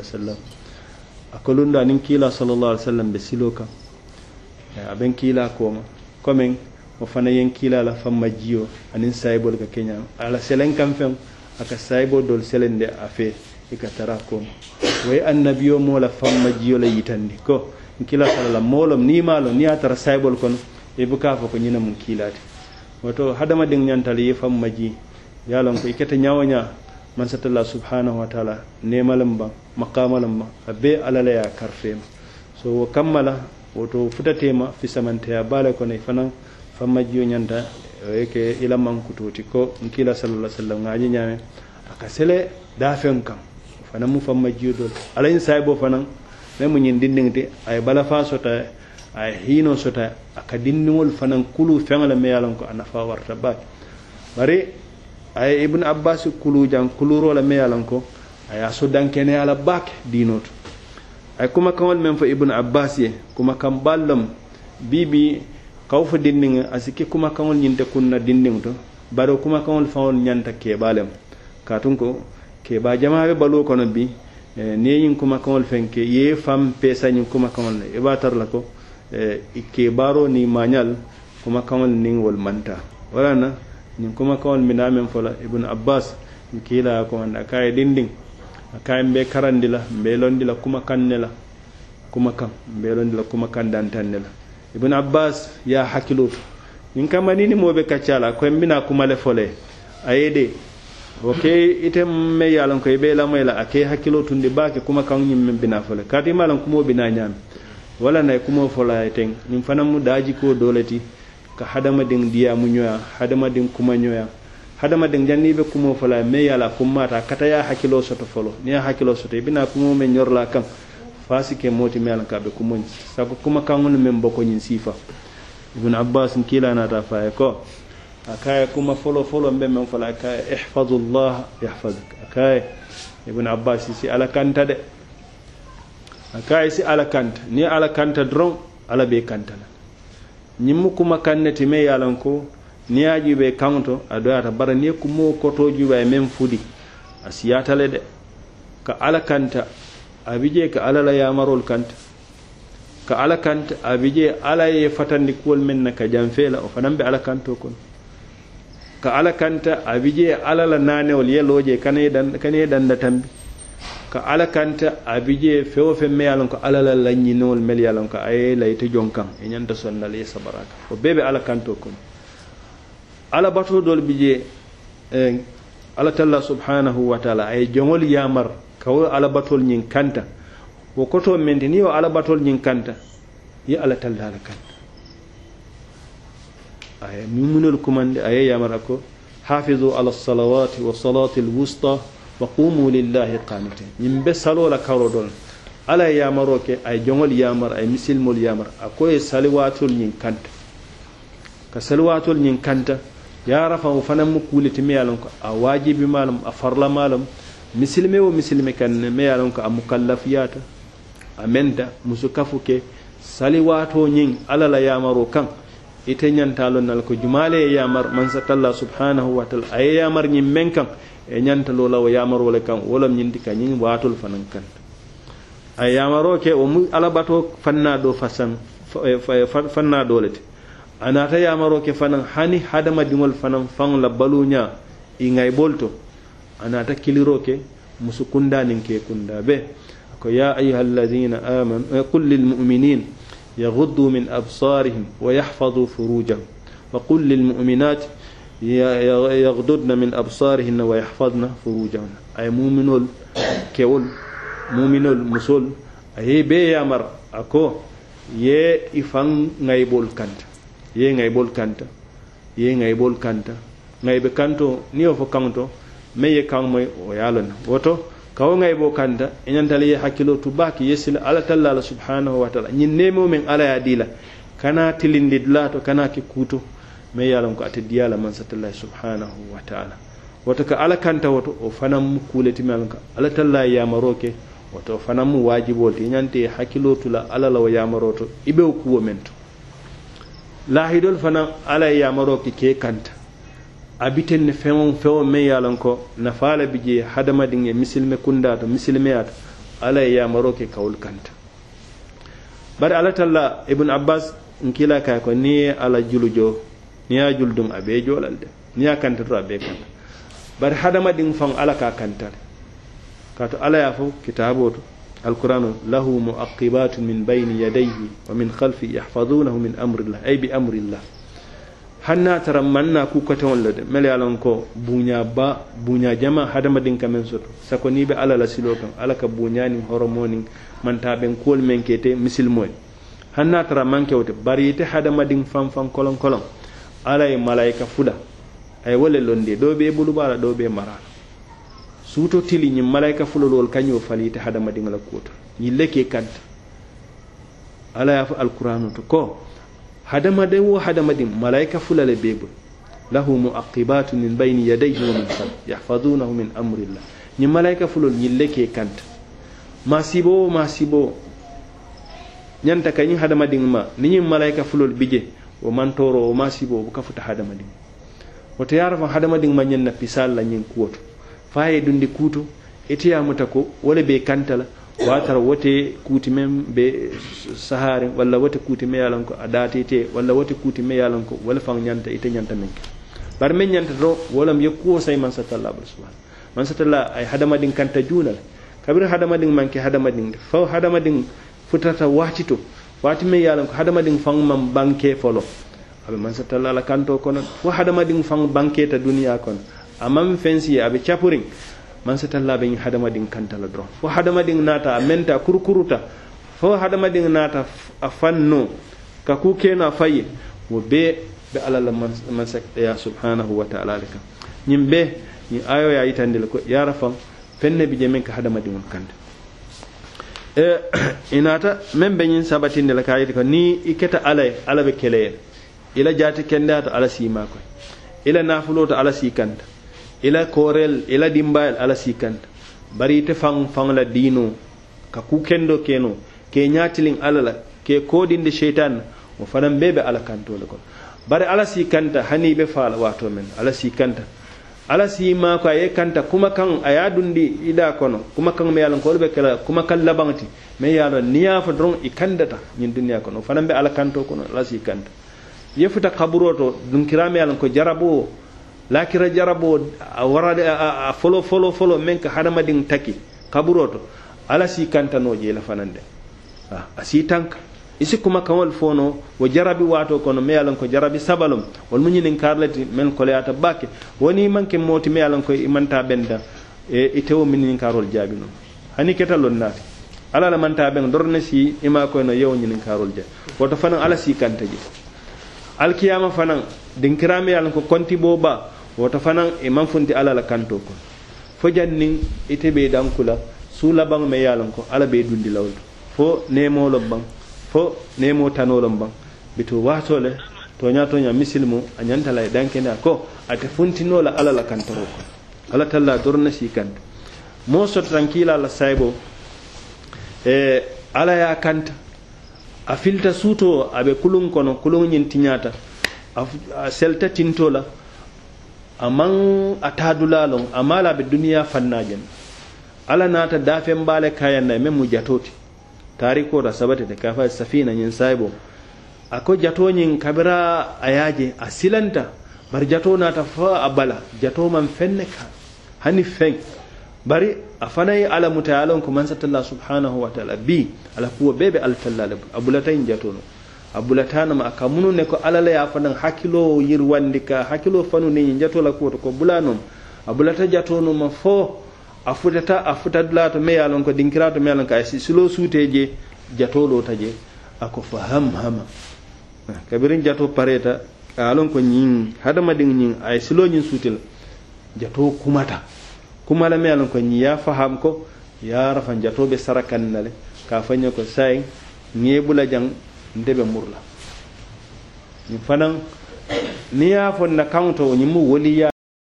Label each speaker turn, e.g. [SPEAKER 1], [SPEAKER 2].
[SPEAKER 1] wasallam a akolun da nin kila sallallahu alaihi wasallam be silo kan eh, aben kila koma komen o fana yen kila la famma jiyo anin saibol ka keñam ala selen kam fen aka sayibo dol selen de a fe i ka tara koma wayi annabiyo mo la famma jiyo la yitandi ko kila salala molom ni malo ni a tara sayibol kono e buka fo ko ñina mum kilati wato hadama ɗin ñantala ye famma ji yalon ko i keta ñawoña mansatalla subhanahu wa ta'ala ne ba makamalin ba abe alala ya karfe ma so kammala woto futate ma fi ya bala ko ne fanan fammajiyo ñanta yake man kututi ko nkila sallallahu wasallam ngaji nyame. aka sele dafen kam fanan mu fammajiyo dol alayin bo fanan ne mu ñin dindingti ay bala fa sota ay hino sota aka dindiŋol fanan kulu feŋo me ye a ko a nafa warta ba bari aye ibne abbas kulujan kulurola me yalan ko aya so dankene ala bake dinoto ay kuma kawol men fo ibne abbas ye kuma kam ballom bibi kawfo dindiŋe asikke kuma kawol ñinte kunna dinding to bare kuma kawol fawol ñanta keɓalem katun ko keɓa jamaɓe balu kono bi e, neñin kuma kawol fenke ye fam pesañin kuma kawol le eɓa tarla ko e, keɓaro ni mañal kuma kawol niŋ wol manta walana voilà, ñin kuma kawon mina men fola ibnu abbas kiila ko anda kaye dindin akaye mbe karandi la mbe londi la kuma kanne la kuma kan mbe londi la kuma kan dantanne la ibnu abbas ya hakkiluto ñin kama nini moɓe kaccala koye mbina kuma le fole aye de wo ke ite me ye lan ko i be lamoye la a ke hakkilo tundi baake kuma kaŋ ñiŋ meŋ bina fo le kaati ima lan kumoo bina ñaami wala nayi kumoo fo la ye teŋ ñiŋ fanaŋ mu daajikoo doo le ti ka hadamaden diyamu ñoya hadamaden kuma ñoya hadamaden janni be kumo fala me yala kummata kata ya hakkilo soto folo ni ya hakkilo soto i bina kumo men ñorla kan fasi moti me ka be kumoñi sako kuma kaŋolu men bokoñin sifa ibnu abbas kilanata faye ko akaye kuma folo folo mbe men fala akaye ihfadu llah yahfaduka akaye abbas si ala kanta de akaye si ala kanta ni ala kanta doron ala be kanta la ñimmu kuma kanne ti me yalan ko ni a ƴuɓe kanto a doyata bara ni kumo koto ƴuɓa e men fuɗi a siyatale de ka ala kanta a wije ka ala la yamarol kanta ka ala kanta a wije ala ye fatandi kuwol men na ka janfeela o fanan be ala kanto kon ka ala kanta a wije ala la nanewol yelooje kana ye danda tambi ka ala kanta abije fewo fe me yalon ko ala la la nyinol mel ko ay la ite jonkan e nyanda sonna le sabaraka o bebe ala kanto kon ala bato dol bije ala talla subhanahu wa taala ay jongol yamar kawo ala batol nyin kanta wo koto mende ni ala batol nyin kanta ya ala talla ala kanta ay mumunol kumande ay yamar ko hafizu ala salawati wa salati al-wusta wa qumu lillahi qanite yim be salola karo don ala e yamaro ke ay jongol yamar ay misilmol yamar akoye saliwatol ñin kanta ka saliwatol ñin kanta yarafa o fana mu kulite me yalon ko a wajibi malum a farla malum misilme wo misilme kanne me yalon ko a mukallaf yata a menta musu kafu ke saliwato ñin alala yamaro kan ite ñantalo nal ko jumale e yamar mansatalla subhanahu wa taala aye yamar ñin men kan e ñantalolawo yamar wole kan wolam ñindi ka ñin watol fanan kan a yamaro ke o mu alabato fanna do fasan e, e, fanna dolete anata yamaro ke fanan hani hadama dingol fanan fan la baluña i ngay bolto anata kiliro ke musu kunda nin ke kunda be ko ya ayyuhallazina amanu eh, qul lilmu'minin يغضوا من أبصارهم ويحفظوا فروجهم وقل للمؤمنات يغضضن من أبصارهن ويحفظن فروجهن أي مؤمنول كول مؤمنول مسول أي بي مر أكو ye إفان ngaybol كانت ye ngaybol كانت ye ngaybol كانت ngaybe كانتو نيو o fo kanto me ye kan moy kawongay bo kanta enantala ye hakkilo tu baki yesila ala talla la subhanahu wa taala ñin nemo min ala ya dila kana tilindi dulato kana ke kuto mai ye lanko ate diyala mansatalla subhanahu wa taala woto ka ala kanta woto o fanammu kuletimi alanka ala talla yamaro ke woto o fanammu wajibolti e ñante hakkilo tula ala lawo yamaroto iɓew kuwo men to lahidol fana ala yamaro ke ke kanta a ne feŋo feŋo meŋ ye a loŋ ko nafaa la bi je hadamadiŋ ye misilime kundaa to misilimeya to alla ye yamaroo ke kawolu kanta bari alla talla ibnu abbas nkila kay ko niŋ ye alla julu joo niŋ ye a julu duŋ a bee joo de niŋ ye a kanta to a bee kanta bari hadamadiŋ faŋo alla ka a kanta le kaatu alla ye a fo kitaaboo to القرآن له مؤقبات من بين يديه ومن خلفه يحفظونه من أمر الله bi بأمر الله hanna tara manna ku kote wonlo de mele alon ko buña ba buña jama hadamadin kamen soto sako ni be ala la silo kan ala ka buñani horomoni manta ben kol men kete musulmo hanna tara manke wote bariete hadamadin fan fan kolon kolon ala e malaika fuda ay wole londe do be bulu bala do be mara suto tili ni malaika fulo lol kanyo falite hadamadin la kota ni leke kad ala ya fa alquranu to ko hadamaden wo hadamadin malaika fula le be boy lahu muaqibatu min bayni yadayhi wa min half yahfadunahu min amrillah ñi malaika fulol ñille ke kanta ma sibo wo ma sibo wo ñanta kañi hadamadin ma niñin malaika fulol bije o mantoro o ma sibo o buka futa hadamadin woto yarafa hadamadin ma ñin na pisal la ñin kuwoto faye dundi kuuto itiyamuta ko wole be kanta la watara wote kuti men be sahari walla wote kuti me yalan ko a datete walla wote kuti me yalan ko wala fan ñanta ite ñanta men ke bar men ñanta to wolam ye kuwo say man satalla abul subhan man satalla ay hadamadin kanta junal kabir hadamadin manke hadamadin faw hadamadin futata wati to wati me yalan ko hadamadin fan mam banke folo aɓe man satalla ala kanto kono fo hadamadin fan banke ta duniya kono amam fensi aɓe capurin man sa tallaɓeñi hadamaɗin kantala dron fo hadamaɗin naata a menta kurkuruta fo hadamaɗin naata a fanno ka ku kena faye wo be ɓe alala mansaya e subhanahu wa taala le kan ñin ɓe ñi ayoya yitandi le ko yara fan penne bi jemen ka hadamaɗin on kanta e inata men ɓe ñin sabatinde le ka yiti ko ni i keta alaye ala ɓe keleyel ila jaati kendeata ala siima koye ila nafulo to ala si kanta ila korel ila dimbayal ala sikanta bari ite fang-fang la diino ka ku kendo keno ke nyatiling ala la ke kodinde seitan o wo bebe ala kanto le kon bari ala si kanta hani be fala la men ala si kanta ala si ma ko ye kanta kuma kan aya dundi i kono kuma kan me ye ko be kala kuma kan labanti me ye niya fa dron i kandata nyin duniya kono wo be ala kanto kono ala si kanta ye futa kirame to me ko jarabo lakira jarabo warade a folo folo folo men ka hadamadin taki kaburo to ala si kantano je la fanande a si tanka isi kuma kawol fono wo jarabi wato kono me yalan ko jarabi sabalum wol munyinin karlati men ko leata bakke woni manke moti me yalan ko imanta benda e itewo minin karol jabi no hani ketalon nati ala la manta ben dorne si ima ko no yew nyinin karol ja woto fanan ala si kanta je alkiyama fanan dinkirame yalan ko konti boba woto fanan e man funti ala la kanto ko fo jannin ite ɓe dankula suulaban me yalon ko ala ɓe dundi lawol fo nemolo ban fo nemo tanolo ban bito watole toña toña misil mu a ñantala e dankenea ko ate funtinola ala la kantoro ko ala talla dorna si kanta mo sottatan kiilala saybo e ala ya kanta a filta suuto aɓe kulun kono kulun ñin tiñata a selta tintola aman atadulalon amala bi duniya fannajen ala nata dafen bala kayan na men mu jatoti tariko da sabata da kafa safina yin saibo ako jatoñin kabira a yaje a silanta bari jato nata fa a bala jato man hani fen bari a fanayi ala mutayalon kuma man subhanahu wa ta'ala bi ala kuwa bebe alfallale abulatayin jatono abulatanama aka munu ne ko alla la yafanan hakkilo yir wandi ka hakkilo fanu ni jatola kuwoto ko bulanom abulata jatonoma fo a futata a futadulato meyalon ko dinkirato meyalon ko aysi silo suuteje jatolo taje ako fa ham hama kabirin jato pareta alon ko ñin hadamadin ñin ay silo ñin suutel jato kumata kumala meyalon ko ñi ya faham ko yarafa jatoɓe sarakannale ka fañe ko say ñebula jang n de be murla ñiŋ fanaŋ niŋ ye a fo na kaŋo to ñiŋ mu waliya